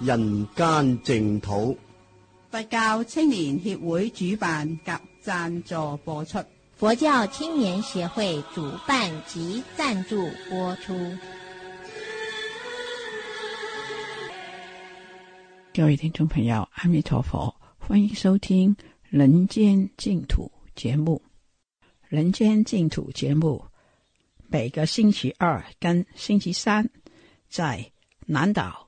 人間淨土，佛教青年協會主辦及贊助播出。佛教青年協會主辦及贊助播出。各位聽眾朋友，阿彌陀佛，歡迎收聽人間土目《人間淨土》節目。《人間淨土》節目每個星期二跟星期三在南島。